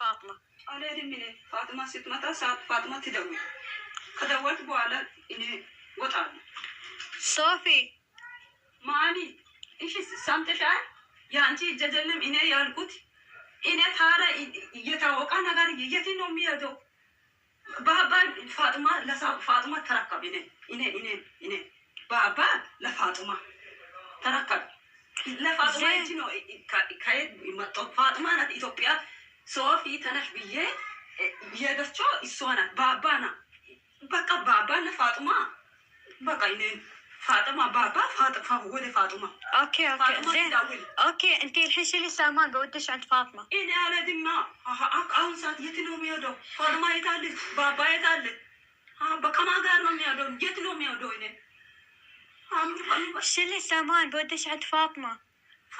ፋጥማ አልሄድም። እኔ ፋጥማ ስትመጣ ሰዓት ፋጥማ ትደውል። ከደወልክ በኋላ እኔ እወጣለሁ። ሶፊ ማሚ፣ እሺ ሰምተሻል? የአንቺ እጀጀለም እኔ ያልኩት እኔ ታራ እየታወቃ ነገር የት ነው የሚሄደው? በአባል ፋጥማ ለፋጥማ ተረከብ። እኔ እኔ እኔ እኔ በአባል ለፋጥማ ተረከብ። ለፋጥማ ይቺ ነው ከየት መጣው ፋጥማ ናት ኢትዮጵያ ሶፊ ተነሽ ብዬ የደቾ إسوانا بابانا بقى ባባና ፋጡማ بقى إني فاطمة بابا فاطمة ودي فاطمة اوكي اوكي زين اوكي انت الحين شيلي سامان بودش عند فاطمة انا على أك اون ساعت يتنو ميودو فاطمة يتعلي بابا يتعلي ها بكما غار ما ميودو يتنو ميودو إني شيلي سامان بودش عند فاطمة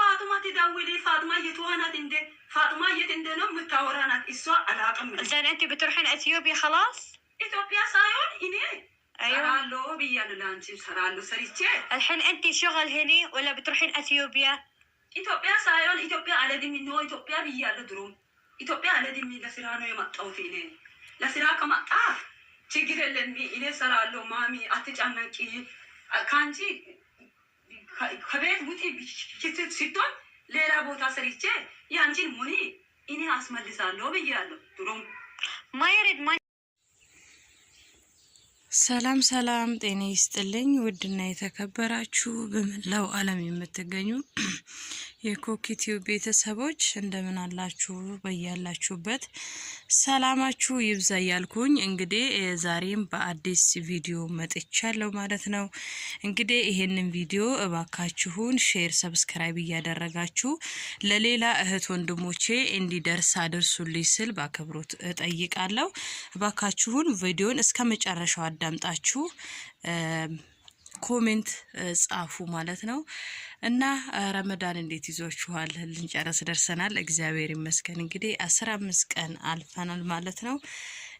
ፋጥማ ትደውሌ ፋጥማ የትዋናት እንደ ፋጥማ የት እንደ ነው የምታወራናት እሷ አላቅም። እዘን እንቲ ብትርሕን ኢትዮጵያ ከላስ ኢትዮጵያ ሳይሆን እኔ ሰራሎ ብያሉ ለአንቺ ሰራሉ ሰርቼ الحين انت شغل هنا ولا بتروحين اثيوبيا ኢትዮጵያ ሳይሆን ኢትዮጵያ አለድም ነው ኢትዮጵያ ብያለ ድሮም ኢትዮጵያ አለድም ለስራ ነው የመጣሁት እኔ ለስራ ከመጣ ችግር የለም እኔ ሰራለሁ ማሚ አትጨነቂ ከአንቺ ከቤት ውጪ ሲትሆን ሌላ ቦታ ሰርቼ ያንቺን ሙኒ እኔ አስመልሳለሁ ብያለሁ። ድሮም ማየሬድ ሰላም ሰላም፣ ጤና ይስጥልኝ ውድና የተከበራችሁ በመላው ዓለም የምትገኙ የኮኪቲው ቤተሰቦች እንደምን አላችሁ? በያላችሁበት ሰላማችሁ ይብዛ እያልኩኝ እንግዲህ ዛሬም በአዲስ ቪዲዮ መጥቻለሁ ማለት ነው። እንግዲህ ይሄንን ቪዲዮ እባካችሁን ሼር፣ ሰብስክራይብ እያደረጋችሁ ለሌላ እህት ወንድሞቼ እንዲደርስ አድርሱልኝ ስል በአክብሮት እጠይቃለሁ። እባካችሁን ቪዲዮን እስከ መጨረሻው አዳምጣችሁ ኮሜንት ጻፉ ማለት ነው። እና ረመዳን እንዴት ይዟችኋል? ልንጨረስ ደርሰናል። እግዚአብሔር ይመስገን። እንግዲህ አስራ አምስት ቀን አልፈናል ማለት ነው።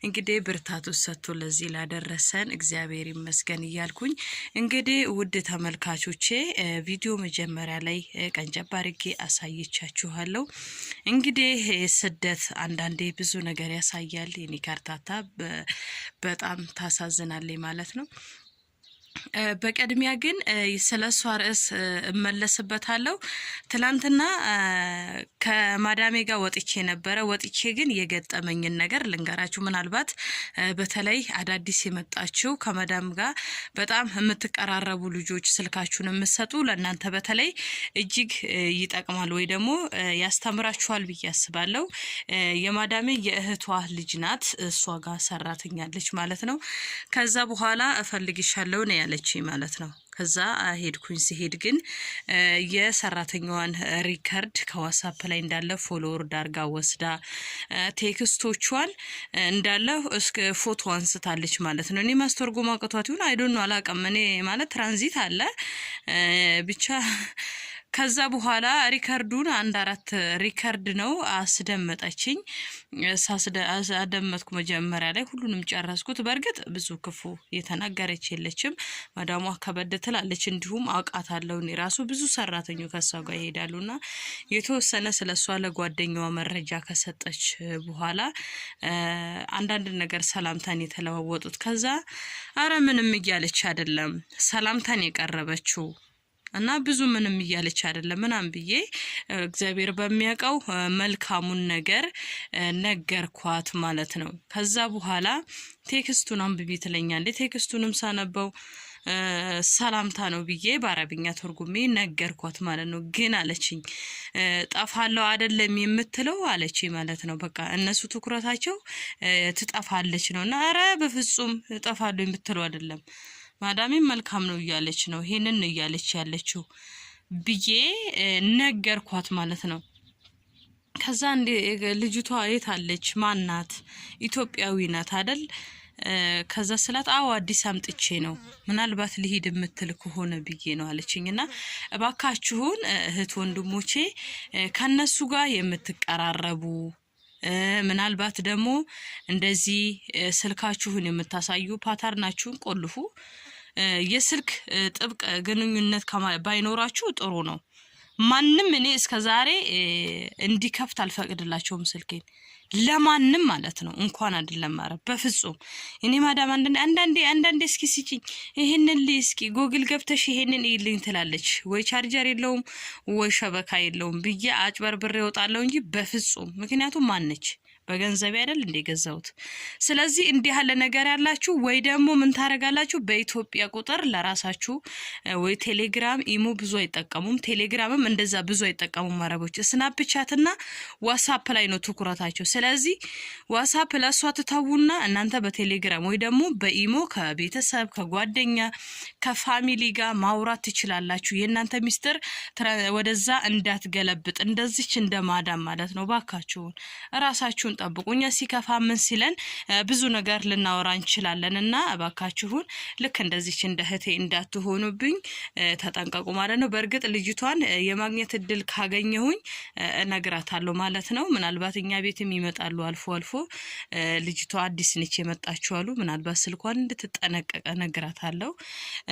እንግዲህ ብርታቱ ሰጥቶ ለዚህ ላደረሰን እግዚአብሔር ይመስገን እያልኩኝ እንግዲህ ውድ ተመልካቾቼ ቪዲዮ መጀመሪያ ላይ ቀንጨብ አድርጌ አሳይቻችኋለሁ። እንግዲህ ስደት አንዳንዴ ብዙ ነገር ያሳያል። የኔ ካርታታ በጣም ታሳዝናለች ማለት ነው። በቅድሚያ ግን ስለ እሷ ርዕስ እመለስበታለሁ። ትላንትና ከማዳሜ ጋር ወጥቼ ነበረ። ወጥቼ ግን የገጠመኝን ነገር ልንገራችሁ። ምናልባት በተለይ አዳዲስ የመጣችው ከማዳም ጋር በጣም የምትቀራረቡ ልጆች ስልካችሁን የምትሰጡ ለእናንተ በተለይ እጅግ ይጠቅማል ወይ ደግሞ ያስተምራችኋል ብዬ አስባለሁ። የማዳሜ የእህቷ ልጅ ናት። እሷ ጋር ሰራተኛለች ማለት ነው። ከዛ በኋላ እፈልግሻለሁ ነው ያለች ማለት ነው። ከዛ ሄድኩኝ። ሲሄድ ግን የሰራተኛዋን ሪከርድ ከዋትሳፕ ላይ እንዳለ ፎሎወር ዳርጋ ወስዳ ቴክስቶቿን እንዳለ እስከ ፎቶ አንስታለች ማለት ነው። እኔ ማስተርጎም አቅቷት ይሁን አይዶን አላቀም። እኔ ማለት ትራንዚት አለ ብቻ ከዛ በኋላ ሪከርዱን አንድ አራት ሪከርድ ነው አስደመጠችኝ። አደመጥኩ መጀመሪያ ላይ ሁሉንም ጨረስኩት። በእርግጥ ብዙ ክፉ የተናገረች የለችም። መዳሟ ከበድ ትላለች፣ እንዲሁም አውቃታለሁ። እኔ ራሱ ብዙ ሰራተኞ ከሷ ጋር ይሄዳሉና የተወሰነ ስለ እሷ ለጓደኛዋ መረጃ ከሰጠች በኋላ አንዳንድ ነገር ሰላምታን የተለዋወጡት ከዛ አረ ምንም እያለች አይደለም ሰላምታን የቀረበችው እና ብዙ ምንም እያለች አይደለም ምናምን ብዬ እግዚአብሔር በሚያውቀው መልካሙን ነገር ነገርኳት ማለት ነው። ከዛ በኋላ ቴክስቱን አንብቢ ትለኛለች። ቴክስቱንም ሳነበው ሰላምታ ነው ብዬ በአረብኛ ተርጉሜ ነገርኳት ማለት ነው። ግን አለችኝ ጠፋለው አይደለም የምትለው አለች ማለት ነው። በቃ እነሱ ትኩረታቸው ትጠፋለች ነው እና ኧረ በፍጹም ጠፋለው የምትለው አይደለም ማዳሜም መልካም ነው እያለች ነው ይሄንን እያለች ያለችው ብዬ ነገርኳት ማለት ነው። ከዛ ልጅቷ የት አለች? ማናት? ኢትዮጵያዊ ናት አደል? ከዛ ስላት አዎ አዲስ አምጥቼ ነው ምናልባት ልሂድ የምትል ከሆነ ብዬ ነው አለችኝ። እና እባካችሁን እህት ወንድሞቼ ከነሱ ጋር የምትቀራረቡ ምናልባት ደግሞ እንደዚህ ስልካችሁን የምታሳዩ ፓተርናችሁን ቆልፉ የስልክ ጥብቅ ግንኙነት ባይኖራችሁ ጥሩ ነው። ማንም እኔ እስከ ዛሬ እንዲከፍት አልፈቅድላቸውም ስልኬን ለማንም ማለት ነው። እንኳን አይደለም ማረ በፍጹም እኔ ማዳም አንዳንዴ አንዳንዴ እስኪ ስጭኝ ይሄንን ልይ እስኪ ጎግል ገብተሽ ይሄንን ይልኝ ትላለች። ወይ ቻርጀር የለውም ወይ ሸበካ የለውም ብዬ አጭበርብሬ እወጣለሁ እንጂ በፍጹም ምክንያቱም ማነች በገንዘብ አይደል እንደ ገዛሁት። ስለዚህ እንዲህ ያለ ነገር ያላችሁ ወይ ደግሞ ምን ታደርጋላችሁ? በኢትዮጵያ ቁጥር ለራሳችሁ ወይ ቴሌግራም፣ ኢሞ ብዙ አይጠቀሙም። ቴሌግራምም እንደዛ ብዙ አይጠቀሙም አረቦች። ስናፕቻት ስናፕቻትና ዋትሳፕ ላይ ነው ትኩረታቸው። ስለዚህ ዋትሳፕ ለእሷ ትተዉና እናንተ በቴሌግራም ወይ ደግሞ በኢሞ ከቤተሰብ ከጓደኛ ከፋሚሊ ጋር ማውራት ትችላላችሁ። የእናንተ ሚስጥር ወደዛ እንዳትገለብጥ እንደዚች እንደማዳም ማለት ነው። ባካችሁን እራሳችሁን ጠብቁ። እኛ ሲከፋ ምን ሲለን ብዙ ነገር ልናወራ እንችላለን እና እባካችሁን ልክ እንደዚች እንደ እህቴ እንዳትሆኑብኝ ተጠንቀቁ ማለት ነው። በእርግጥ ልጅቷን የማግኘት እድል ካገኘሁኝ እነግራታለሁ ማለት ነው። ምናልባት እኛ ቤትም ይመጣሉ አልፎ አልፎ። ልጅቷ አዲስ ነች የመጣችሁ አሉ። ምናልባት ስልኳን እንድትጠነቀቀ እነግራታለሁ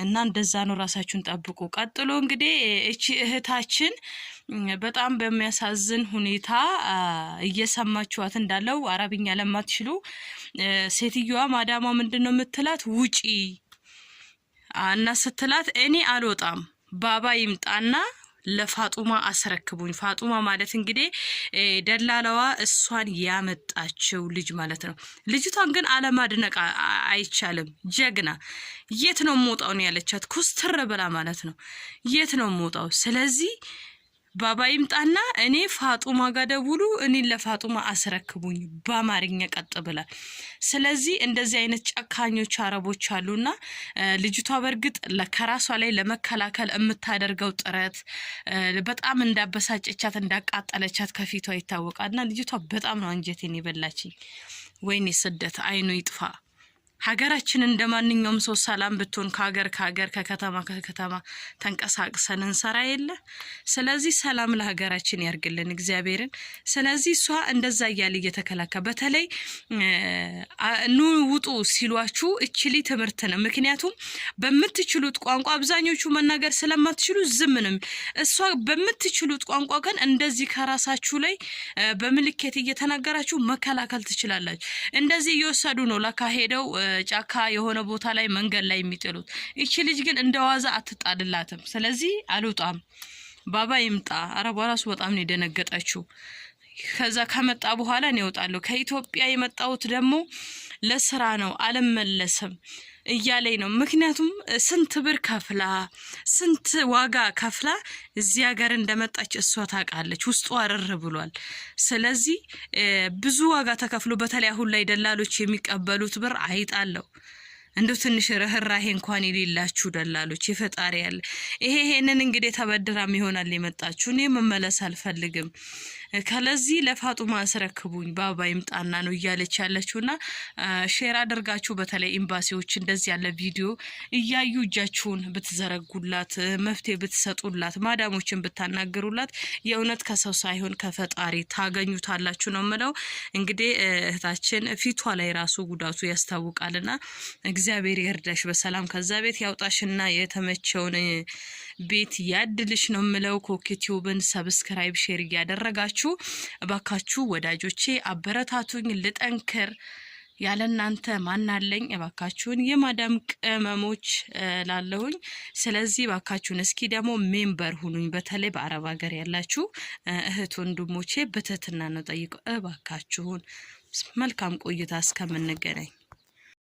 እና እንደዛ ነው። ራሳችሁን ጠብቁ። ቀጥሎ እንግዲህ እቺ እህታችን በጣም በሚያሳዝን ሁኔታ እየሰማችኋት እንዳለው አረብኛ ለማትችሉ ሴትዮዋ ማዳሟ ምንድን ነው የምትላት ውጪ እና ስትላት እኔ አልወጣም ባባ ይምጣና ለፋጡማ አስረክቡኝ። ፋጡማ ማለት እንግዲህ ደላለዋ እሷን ያመጣችው ልጅ ማለት ነው። ልጅቷን ግን አለማድነቅ አይቻልም። ጀግና የት ነው መውጣውን ያለቻት፣ ኩስትር ብላ ማለት ነው። የት ነው መውጣው? ስለዚህ ባባ ይምጣና እኔ ፋጡማ ጋር ደውሉ፣ እኔን ለፋጡማ አስረክቡኝ በአማርኛ ቀጥ ብላ። ስለዚህ እንደዚህ አይነት ጨካኞች አረቦች አሉና ልጅቷ በእርግጥ ከራሷ ላይ ለመከላከል የምታደርገው ጥረት በጣም እንዳበሳጨቻት እንዳቃጠለቻት ከፊቷ ይታወቃልና ልጅቷ በጣም ነው አንጀቴን የበላችኝ። ወይኔ ስደት አይኑ ይጥፋ። ሀገራችን እንደ ማንኛውም ሰው ሰላም ብትሆን ከሀገር ከሀገር ከከተማ ከከተማ ተንቀሳቅሰን እንሰራ የለ። ስለዚህ ሰላም ለሀገራችን ያርግልን እግዚአብሔርን። ስለዚህ እሷ እንደዛ እያለ እየተከላከ በተለይ ኑ ውጡ ሲሏችሁ እችሊ ትምህርት ነው። ምክንያቱም በምትችሉት ቋንቋ አብዛኞቹ መናገር ስለማትችሉ ዝም ነው። እሷ በምትችሉት ቋንቋ ግን እንደዚህ ከራሳችሁ ላይ በምልኬት እየተናገራችሁ መከላከል ትችላላችሁ። እንደዚህ እየወሰዱ ነው ለካሄደው ጫካ የሆነ ቦታ ላይ መንገድ ላይ የሚጥሉት። ይቺ ልጅ ግን እንደ ዋዛ አትጣልላትም። ስለዚህ አልወጣም ባባ ይምጣ። አረቧ ራሱ በጣም ነው የደነገጠችው። ከዛ ከመጣ በኋላ ነው እወጣለሁ። ከኢትዮጵያ የመጣሁት ደግሞ ለስራ ነው አልመለስም እያለኝ ነው። ምክንያቱም ስንት ብር ከፍላ ስንት ዋጋ ከፍላ እዚያ ጋር እንደመጣች እሷ ታውቃለች። ውስጡ አርር ብሏል። ስለዚህ ብዙ ዋጋ ተከፍሎ በተለይ አሁን ላይ ደላሎች የሚቀበሉት ብር አይጣለው እንዶ ትንሽ ርህራሄ እንኳን የሌላችሁ ደላሎች የፈጣሪ ያለ ይሄ ይሄንን እንግዲህ ተበድራም ይሆናል የመጣችሁ። እኔ መመለስ አልፈልግም ከለዚህ ለፋጡማ አስረክቡኝ ባባ ይምጣና ነው እያለች ያለችው ና ሼር አድርጋችሁ በተለይ ኤምባሲዎች እንደዚህ ያለ ቪዲዮ እያዩ እጃችሁን ብትዘረጉላት መፍትሄ ብትሰጡላት ማዳሞችን ብታናግሩላት የእውነት ከሰው ሳይሆን ከፈጣሪ ታገኙታላችሁ ነው ምለው። እንግዲህ እህታችን ፊቷ ላይ ራሱ ጉዳቱ ያስታውቃልና እግዚአብሔር ይርዳሽ፣ በሰላም ከዛ ቤት ያውጣሽና የተመቸውን ቤት ያድልሽ ነው የምለው። ኮክቲዩብን ሰብስክራይብ፣ ሼር እያደረጋችሁ እባካችሁ ወዳጆቼ አበረታቱኝ፣ ልጠንክር ያለ እናንተ ማናለኝ። እባካችሁን የማዳም ቅመሞች ላለሁኝ። ስለዚህ እባካችሁን እስኪ ደግሞ ሜምበር ሁኑኝ። በተለይ በአረብ ሀገር ያላችሁ እህት ወንድሞቼ በትህትና ነው ጠይቀው እባካችሁን። መልካም ቆይታ እስከምንገናኝ